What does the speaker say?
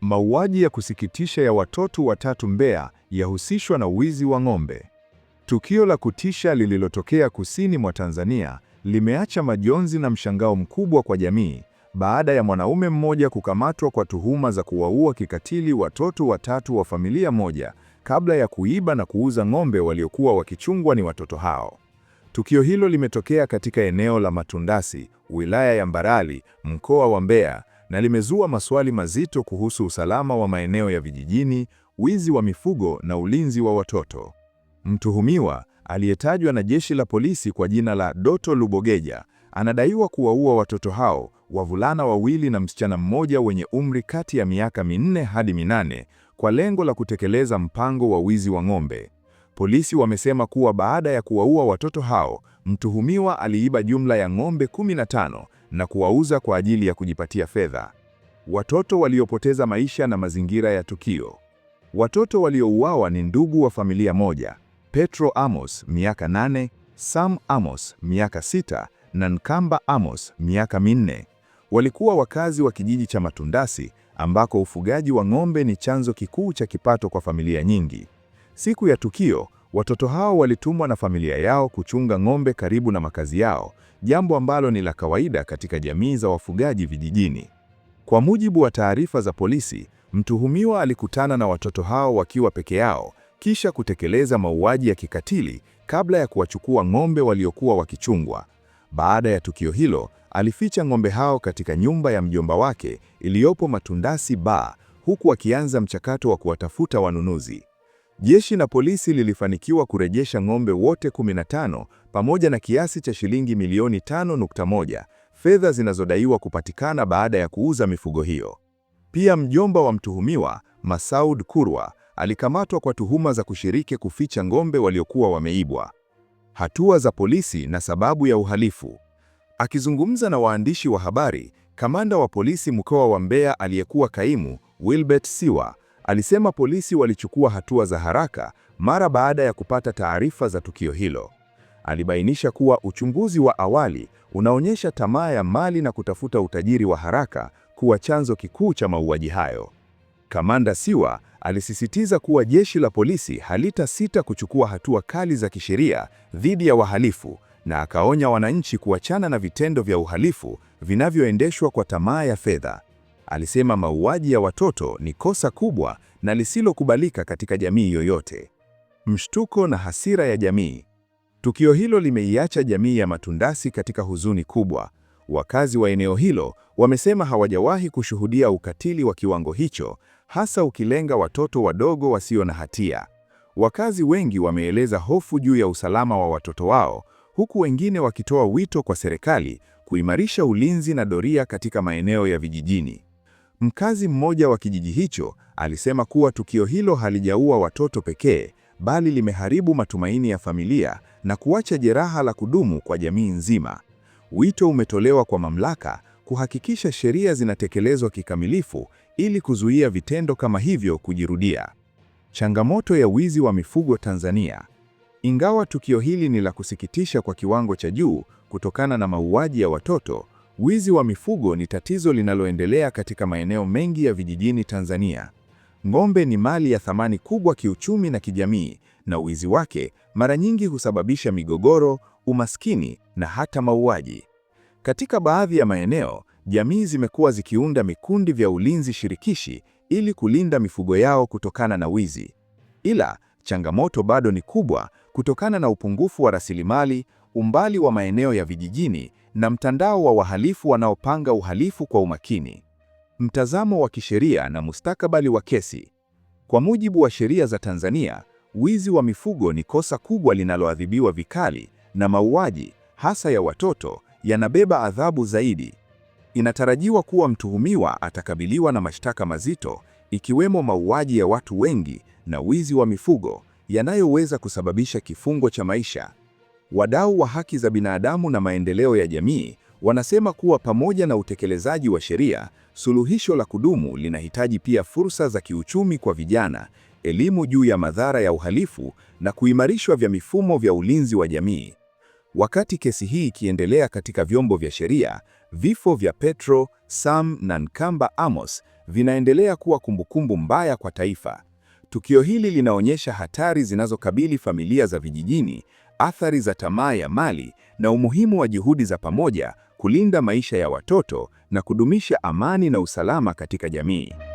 Mauaji ya kusikitisha ya watoto watatu Mbeya yahusishwa na wizi wa ng'ombe. Tukio la kutisha lililotokea kusini mwa Tanzania limeacha majonzi na mshangao mkubwa kwa jamii baada ya mwanaume mmoja kukamatwa kwa tuhuma za kuwaua kikatili watoto watatu wa familia moja kabla ya kuiba na kuuza ng'ombe waliokuwa wakichungwa ni watoto hao. Tukio hilo limetokea katika eneo la Matundasi, wilaya ya Mbarali, mkoa wa Mbeya, na limezua maswali mazito kuhusu usalama wa maeneo ya vijijini, wizi wa mifugo na ulinzi wa watoto. Mtuhumiwa aliyetajwa na jeshi la polisi kwa jina la Doto Lubogeja anadaiwa kuwaua watoto hao, wavulana wawili na msichana mmoja wenye umri kati ya miaka minne hadi minane, kwa lengo la kutekeleza mpango wa wizi wa ng'ombe. Polisi wamesema kuwa baada ya kuwaua watoto hao, mtuhumiwa aliiba jumla ya ng'ombe 15 na kuwauza kwa ajili ya kujipatia fedha. Watoto waliopoteza maisha na mazingira ya tukio. Watoto waliouawa ni ndugu wa familia moja, Petro Amos miaka nane, Sam Amos miaka sita na Nkamba Amos miaka minne. Walikuwa wakazi wa kijiji cha Matundasi ambako ufugaji wa ng'ombe ni chanzo kikuu cha kipato kwa familia nyingi. Siku ya tukio Watoto hao walitumwa na familia yao kuchunga ng'ombe karibu na makazi yao, jambo ambalo ni la kawaida katika jamii za wafugaji vijijini. Kwa mujibu wa taarifa za polisi, mtuhumiwa alikutana na watoto hao wakiwa peke yao, kisha kutekeleza mauaji ya kikatili kabla ya kuwachukua ng'ombe waliokuwa wakichungwa. Baada ya tukio hilo, alificha ng'ombe hao katika nyumba ya mjomba wake iliyopo Matundasi Bar, huku akianza mchakato wa kuwatafuta wanunuzi. Jeshi la polisi lilifanikiwa kurejesha ng'ombe wote 15 pamoja na kiasi cha shilingi milioni 5.1, fedha zinazodaiwa kupatikana baada ya kuuza mifugo hiyo. Pia mjomba wa mtuhumiwa, Masoud Kurwa, alikamatwa kwa tuhuma za kushiriki kuficha ng'ombe waliokuwa wameibwa. Hatua za polisi na sababu ya uhalifu. Akizungumza na waandishi wa habari, kamanda wa polisi mkoa wa Mbeya aliyekuwa kaimu, Wilbert Siwa, Alisema polisi walichukua hatua za haraka mara baada ya kupata taarifa za tukio hilo. Alibainisha kuwa uchunguzi wa awali unaonyesha tamaa ya mali na kutafuta utajiri wa haraka kuwa chanzo kikuu cha mauaji hayo. Kamanda Siwa alisisitiza kuwa jeshi la polisi halitasita kuchukua hatua kali za kisheria dhidi ya wahalifu na akaonya wananchi kuachana na vitendo vya uhalifu vinavyoendeshwa kwa tamaa ya fedha. Alisema mauaji ya watoto ni kosa kubwa na lisilokubalika katika jamii yoyote. Mshtuko na hasira ya jamii. Tukio hilo limeiacha jamii ya Matundasi katika huzuni kubwa. Wakazi wa eneo hilo wamesema hawajawahi kushuhudia ukatili wa kiwango hicho, hasa ukilenga watoto wadogo wasio na hatia. Wakazi wengi wameeleza hofu juu ya usalama wa watoto wao, huku wengine wakitoa wito kwa serikali kuimarisha ulinzi na doria katika maeneo ya vijijini. Mkazi mmoja wa kijiji hicho alisema kuwa tukio hilo halijaua watoto pekee, bali limeharibu matumaini ya familia na kuacha jeraha la kudumu kwa jamii nzima. Wito umetolewa kwa mamlaka kuhakikisha sheria zinatekelezwa kikamilifu ili kuzuia vitendo kama hivyo kujirudia. Changamoto ya wizi wa mifugo Tanzania. Ingawa tukio hili ni la kusikitisha kwa kiwango cha juu kutokana na mauaji ya watoto, Wizi wa mifugo ni tatizo linaloendelea katika maeneo mengi ya vijijini Tanzania. Ng'ombe ni mali ya thamani kubwa kiuchumi na kijamii, na wizi wake mara nyingi husababisha migogoro, umaskini na hata mauaji. Katika baadhi ya maeneo, jamii zimekuwa zikiunda mikundi vya ulinzi shirikishi ili kulinda mifugo yao kutokana na wizi. Ila changamoto bado ni kubwa kutokana na upungufu wa rasilimali, umbali wa maeneo ya vijijini na mtandao wa wahalifu wanaopanga uhalifu kwa umakini. Mtazamo wa kisheria na mustakabali wa kesi. Kwa mujibu wa sheria za Tanzania, wizi wa mifugo ni kosa kubwa linaloadhibiwa vikali na mauaji, hasa ya watoto, yanabeba adhabu zaidi. Inatarajiwa kuwa mtuhumiwa atakabiliwa na mashtaka mazito ikiwemo mauaji ya watu wengi na wizi wa mifugo yanayoweza kusababisha kifungo cha maisha. Wadau wa haki za binadamu na maendeleo ya jamii wanasema kuwa pamoja na utekelezaji wa sheria, suluhisho la kudumu linahitaji pia fursa za kiuchumi kwa vijana, elimu juu ya madhara ya uhalifu na kuimarishwa vya mifumo vya ulinzi wa jamii. Wakati kesi hii ikiendelea katika vyombo vya sheria, vifo vya Petro, Sam na Nkamba Amos vinaendelea kuwa kumbukumbu mbaya kwa taifa. Tukio hili linaonyesha hatari zinazokabili familia za vijijini athari za tamaa ya mali na umuhimu wa juhudi za pamoja kulinda maisha ya watoto na kudumisha amani na usalama katika jamii.